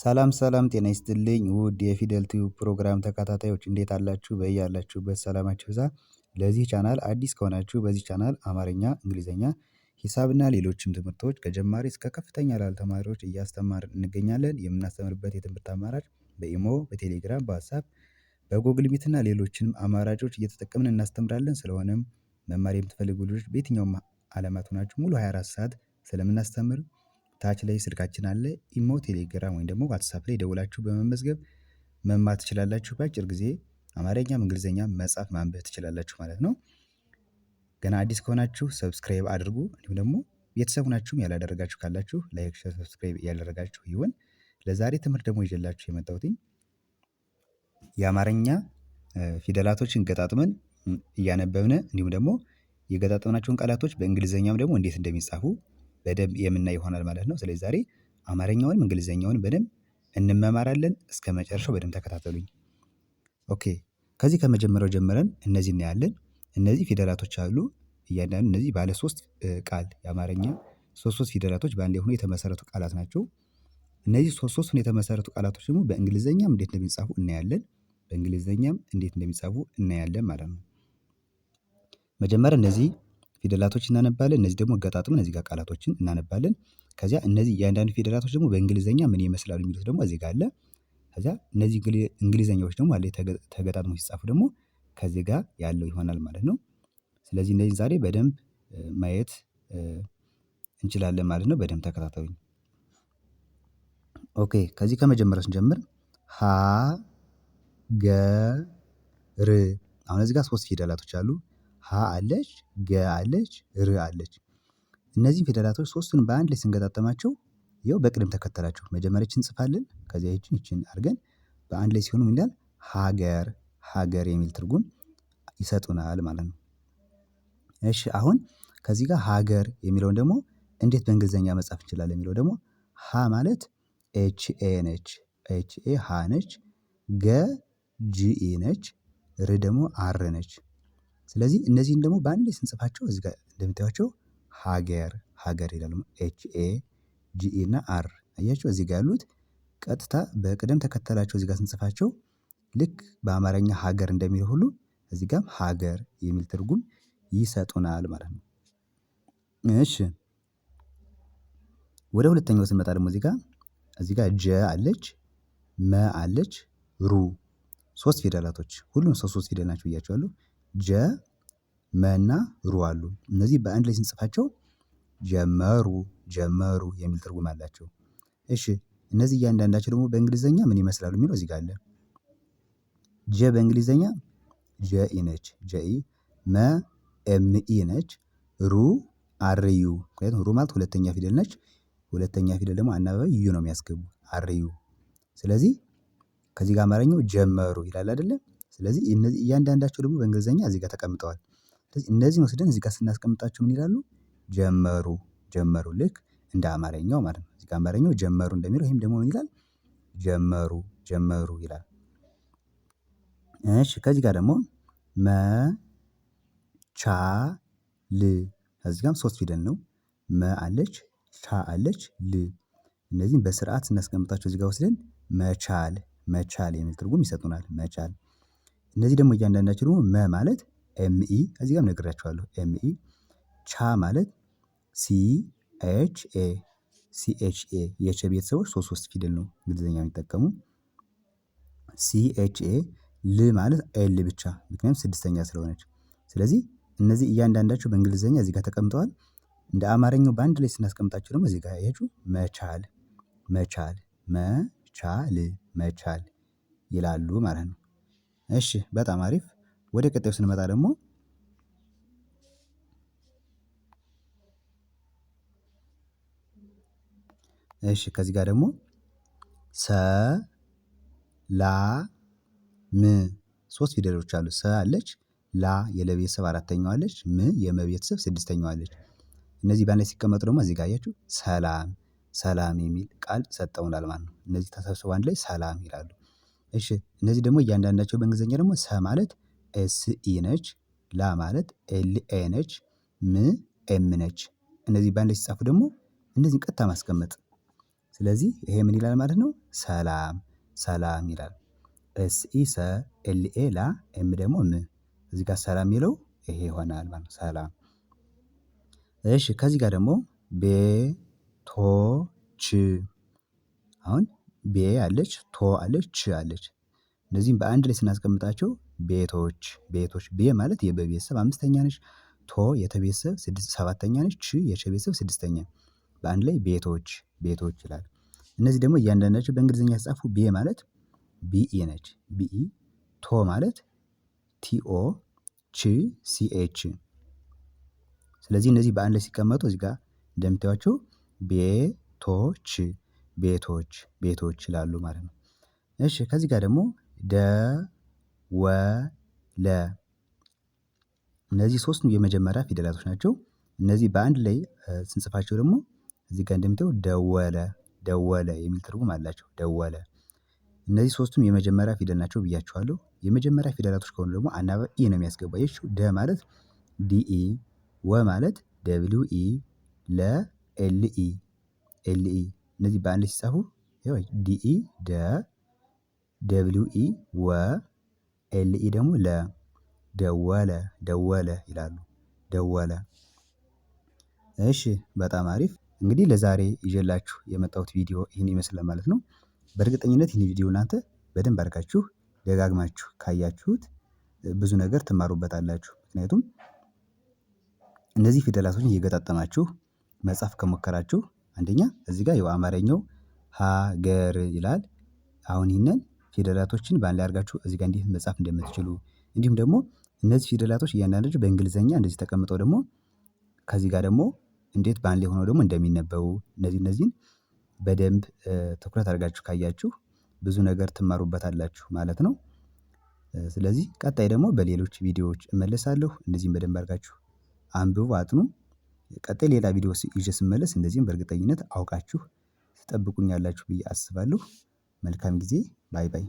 ሰላም ሰላም ጤና ይስጥልኝ ውድ የፊደል ቲዩብ ፕሮግራም ተከታታዮች እንዴት አላችሁ በያላችሁበት ሰላማችሁ ይብዛ። ለዚህ ቻናል አዲስ ከሆናችሁ በዚህ ቻናል አማርኛ እንግሊዘኛ ሂሳብና ሌሎችም ትምህርቶች ከጀማሪ እስከ ከፍተኛ ላሉ ተማሪዎች እያስተማር እንገኛለን። የምናስተምርበት የትምህርት አማራጭ በኢሞ በቴሌግራም በዋትሳፕ በጉግል ሚት ሌሎችንም አማራጮች እየተጠቀምን እናስተምራለን። ስለሆነም መማር የምትፈልጉ ልጆች በየትኛውም አለማት ሆናችሁ ሙሉ 24 ሰዓት ስለምናስተምር ታች ላይ ስልካችን አለ። ኢሞ፣ ቴሌግራም ወይም ደግሞ ዋትሳፕ ላይ ደውላችሁ በመመዝገብ መማር ትችላላችሁ። በአጭር ጊዜ አማርኛም እንግሊዝኛም መጻፍ ማንበብ ትችላላችሁ ማለት ነው። ገና አዲስ ከሆናችሁ ሰብስክራይብ አድርጉ። እንዲሁም ደግሞ ቤተሰብ ሆናችሁም ያላደረጋችሁ ካላችሁ ላይክ፣ ሸር፣ ሰብስክራይብ እያደረጋችሁ ይሁን። ለዛሬ ትምህርት ደግሞ ይዤላችሁ የመጣሁትኝ የአማርኛ ፊደላቶችን ገጣጥመን እያነበብን እንዲሁም ደግሞ የገጣጠምናቸውን ቃላቶች በእንግሊዝኛም ደግሞ እንዴት እንደሚጻፉ በደንብ የምናይ ይሆናል ማለት ነው። ስለዚህ ዛሬ አማርኛውንም እንግሊዘኛውንም በደንብ እንመማራለን እስከ መጨረሻው በደንብ ተከታተሉኝ። ኦኬ ከዚህ ከመጀመሪያው ጀምረን እነዚህ እናያለን እነዚህ ፊደላቶች አሉ እያንዳንዱ እነዚህ ባለ ሶስት ቃል የአማርኛ ሶስት ሶስት ፊደላቶች በአንድ የሆኑ የተመሰረቱ ቃላት ናቸው። እነዚህ ሶስት ሶስት የተመሰረቱ ቃላቶች ደግሞ በእንግሊዝኛም እንዴት እንደሚጻፉ እናያለን በእንግሊዘኛም እንዴት እንደሚጻፉ እናያለን ማለት ነው። መጀመሪያ እነዚህ ፊደላቶች እናነባለን እነዚህ ደግሞ አገጣጥመን እዚህ ጋር ቃላቶችን እናነባለን። ከዚያ እነዚህ እያንዳንዱ ፊደላቶች ደግሞ በእንግሊዘኛ ምን ይመስላሉ የሚሉት ደግሞ እዚህ ጋር አለ። ከዚያ እነዚህ እንግሊዘኛዎች ደግሞ አለ ተገጣጥሞ ሲጻፉ ደግሞ ከዚህ ጋር ያለው ይሆናል ማለት ነው። ስለዚህ እነዚህን ዛሬ በደንብ ማየት እንችላለን ማለት ነው። በደንብ ተከታተሉኝ። ኦኬ ከዚህ ከመጀመሪያ ስንጀምር ሀ ገ ር አሁን እዚህ ጋር ሶስት ፊደላቶች አሉ ሀ አለች ገ አለች ር አለች። እነዚህን ፊደላቶች ሶስቱን በአንድ ላይ ስንገጣጠማቸው ይኸው በቅደም ተከተላቸው መጀመሪያ ችን እንጽፋለን ከዚያ ይችን ይችን አድርገን በአንድ ላይ ሲሆኑ ምን ይላል ሀገር ሀገር የሚል ትርጉም ይሰጡናል ማለት ነው። እሺ አሁን ከዚህ ጋር ሀገር የሚለውን ደግሞ እንዴት በእንግሊዘኛ መጻፍ እንችላለን? የሚለው ደግሞ ሀ ማለት ኤች ኤ ነች ኤች ኤ ሀ ነች ገ ጂኢ ነች ር ደግሞ አር ነች ስለዚህ እነዚህን ደግሞ በአንድ ስንጽፋቸው እዚህ ጋር ሀገር ሀገር ይላሉ ኤች ኤ ጂኢ እና አር አያቸው እዚህ ጋር ያሉት ቀጥታ በቅደም ተከተላቸው እዚጋ ስንጽፋቸው ልክ በአማርኛ ሀገር እንደሚል ሁሉ እዚጋም ሀገር የሚል ትርጉም ይሰጡናል ማለት ነው። እሺ ወደ ሁለተኛው ስንመጣ ደግሞ እዚጋ እዚጋ ጀ አለች፣ መ አለች፣ ሩ ሶስት ፊደላቶች ሁሉም ሰው ሶስት ፊደል ናቸው ብያቸዋለሁ። ጀ መና ሩ አሉ። እነዚህ በአንድ ላይ ስንጽፋቸው ጀመሩ ጀመሩ የሚል ትርጉም አላቸው። እሺ እነዚህ እያንዳንዳቸው ደግሞ በእንግሊዘኛ ምን ይመስላሉ የሚለው እዚህ ጋር አለ። ጀ በእንግሊዘኛ ጀኢ ነች ጀኢ መ ኤምኢ ነች ሩ አርዩ ምክንያቱም ሩ ማለት ሁለተኛ ፊደል ነች። ሁለተኛ ፊደል ደግሞ አናባቢ ዩ ነው የሚያስገቡ አርዩ። ስለዚህ ከዚህ ጋር አማርኛው ጀመሩ ይላል አይደለም። ስለዚህ እነዚህ እያንዳንዳቸው ደግሞ በእንግሊዘኛ እዚህ ጋር ተቀምጠዋል። ስለዚህ እነዚህን ወስደን እዚህ ጋር ስናስቀምጣቸው ምን ይላሉ? ጀመሩ ጀመሩ ልክ እንደ አማርኛው ማለት ነው። እዚህ ጋር አማርኛው ጀመሩ እንደሚለው ይህም ደግሞ ምን ይላል? ጀመሩ ጀመሩ ይላል። እሺ ከዚህ ጋር ደግሞ መ ቻ ል እዚህ ጋርም ሶስት ፊደል ነው። መ አለች ቻ አለች ል እነዚህን በስርዓት ስናስቀምጣቸው እዚህ ጋር ወስደን መቻል መቻል የሚል ትርጉም ይሰጡናል። መቻል እነዚህ ደግሞ እያንዳንዳቸው ደግሞ መ ማለት ኤምኢ እዚህ ጋር ነግራችኋለሁ ኤምኢ ቻ ማለት ሲ ኤች ኤ ሲ ኤች ኤ የቸ ቤተሰቦች ሶስት ሶስት ፊደል ነው እንግሊዝኛ የሚጠቀሙ ሲ ኤች ኤ ል ማለት ኤል ብቻ ምክንያቱም ስድስተኛ ስለሆነች። ስለዚህ እነዚህ እያንዳንዳቸው በእንግሊዝኛ እዚህ ጋር ተቀምጠዋል። እንደ አማርኛው በአንድ ላይ ስናስቀምጣቸው ደግሞ እዚህ ጋር ያችሁ መቻል መቻል መቻል መቻል ይላሉ ማለት ነው። እሺ በጣም አሪፍ ወደ ቀጣዩ ስንመጣ ደግሞ እሺ ከዚህ ጋር ደግሞ ሰ ላ ም ሶስት ፊደሎች አሉ። ሰ አለች፣ ላ የለ ቤተሰብ አለች፣ ም የመ ቤተሰብ አለች። እነዚህ በአንድ ላይ ሲቀመጡ ደግሞ እዚህ ጋር አያችሁ ሰላም ሰላም የሚል ቃል ሰጠውናል ማለት ነው። እነዚህ ተሰብስበው አንድ ላይ ሰላም ይላሉ። እሺ እነዚህ ደግሞ እያንዳንዳቸው በእንግሊዘኛ ደግሞ ሰ ማለት ኤስ ኢ ነች፣ ላ ማለት ኤል ኤ ነች፣ ም ኤም ነች። እነዚህ በአንድ ላይ ሲጻፉ ደግሞ እነዚህን ቀጥታ ማስቀመጥ። ስለዚህ ይሄ ምን ይላል ማለት ነው? ሰላም ሰላም ይላል። ኤስ ኢ ሰ፣ ኤል ኤ ላ፣ ኤም ደግሞ ም። እዚህ ጋር ሰላም የሚለው ይሄ ይሆናል ማለት ሰላም። እሺ ከዚህ ጋር ደግሞ ቤቶች አሁን ቤ አለች ቶ አለች ች አለች። እነዚህም በአንድ ላይ ስናስቀምጣቸው ቤቶች ቤቶች ቤ ማለት የበቤተሰብ አምስተኛ ነች። ቶ የተቤተሰብ ሰባተኛ ነች። ች የቸቤተሰብ ስድስተኛ በአንድ ላይ ቤቶች ቤቶች ይላል። እነዚህ ደግሞ እያንዳንዳቸው በእንግሊዝኛ ሲጻፉ ቤ ማለት ቢኢ ነች ቢኢ ቶ ማለት ቲኦ ች ሲኤች ስለዚህ እነዚህ በአንድ ላይ ሲቀመጡ እዚህ ጋር እንደምታዩቸው ቤቶች ቤቶች ቤቶች ይላሉ ማለት ነው። እሺ ከዚህ ጋር ደግሞ ደወለ እነዚህ ሶስቱ የመጀመሪያ ፊደላቶች ናቸው። እነዚህ በአንድ ላይ ስንጽፋቸው ደግሞ እዚህ ጋር እንደምታየው ደወለ ደወለ የሚል ትርጉም አላቸው ደወለ እነዚህ ሶስቱም የመጀመሪያ ፊደል ናቸው ብያችኋለሁ የመጀመሪያ ፊደላቶች ከሆኑ ደግሞ አናባቢ ኢ ነው የሚያስገባ። ይቺ ደ ማለት ዲኢ ወ ማለት ደብሊው ኢ ለ ኢ ኤል እነዚህ በአንድ ሲጻፉ ዲኢ ደ ደብሊው ኢ ወ ኤልኢ ደግሞ ለ ደወለ ደወለ ይላሉ። ደወለ። እሺ በጣም አሪፍ። እንግዲህ ለዛሬ ይዤላችሁ የመጣሁት ቪዲዮ ይህን ይመስላል ማለት ነው። በእርግጠኝነት ይህን ቪዲዮ እናንተ በደንብ አድርጋችሁ ደጋግማችሁ ካያችሁት ብዙ ነገር ትማሩበታላችሁ። ምክንያቱም እነዚህ ፊደላቶችን እየገጣጠማችሁ መጻፍ ከሞከራችሁ አንደኛ እዚህ ጋር ያው አማርኛው ሀገር ይላል። አሁን ይህንን ፊደላቶችን በአንድ ላይ አድርጋችሁ እዚህ ጋር እንዲህ መጻፍ እንደምትችሉ እንዲሁም ደግሞ እነዚህ ፊደላቶች እያንዳንዳቸው በእንግሊዘኛ እንደዚህ ተቀምጠው ደግሞ ከዚህ ጋር ደግሞ እንዴት በአንድ ላይ ሆነው ደግሞ እንደሚነበቡ እነዚህ እነዚህን በደንብ ትኩረት አድርጋችሁ ካያችሁ ብዙ ነገር ትማሩበታላችሁ ማለት ነው። ስለዚህ ቀጣይ ደግሞ በሌሎች ቪዲዮዎች እመለሳለሁ። እነዚህን በደንብ አድርጋችሁ አንብቡ፣ አጥኑ። ቀጣይ ሌላ ቪዲዮ ይዤ ስመለስ እንደዚህም በእርግጠኝነት አውቃችሁ ትጠብቁኛላችሁ ብዬ አስባለሁ። መልካም ጊዜ ባይ ባይ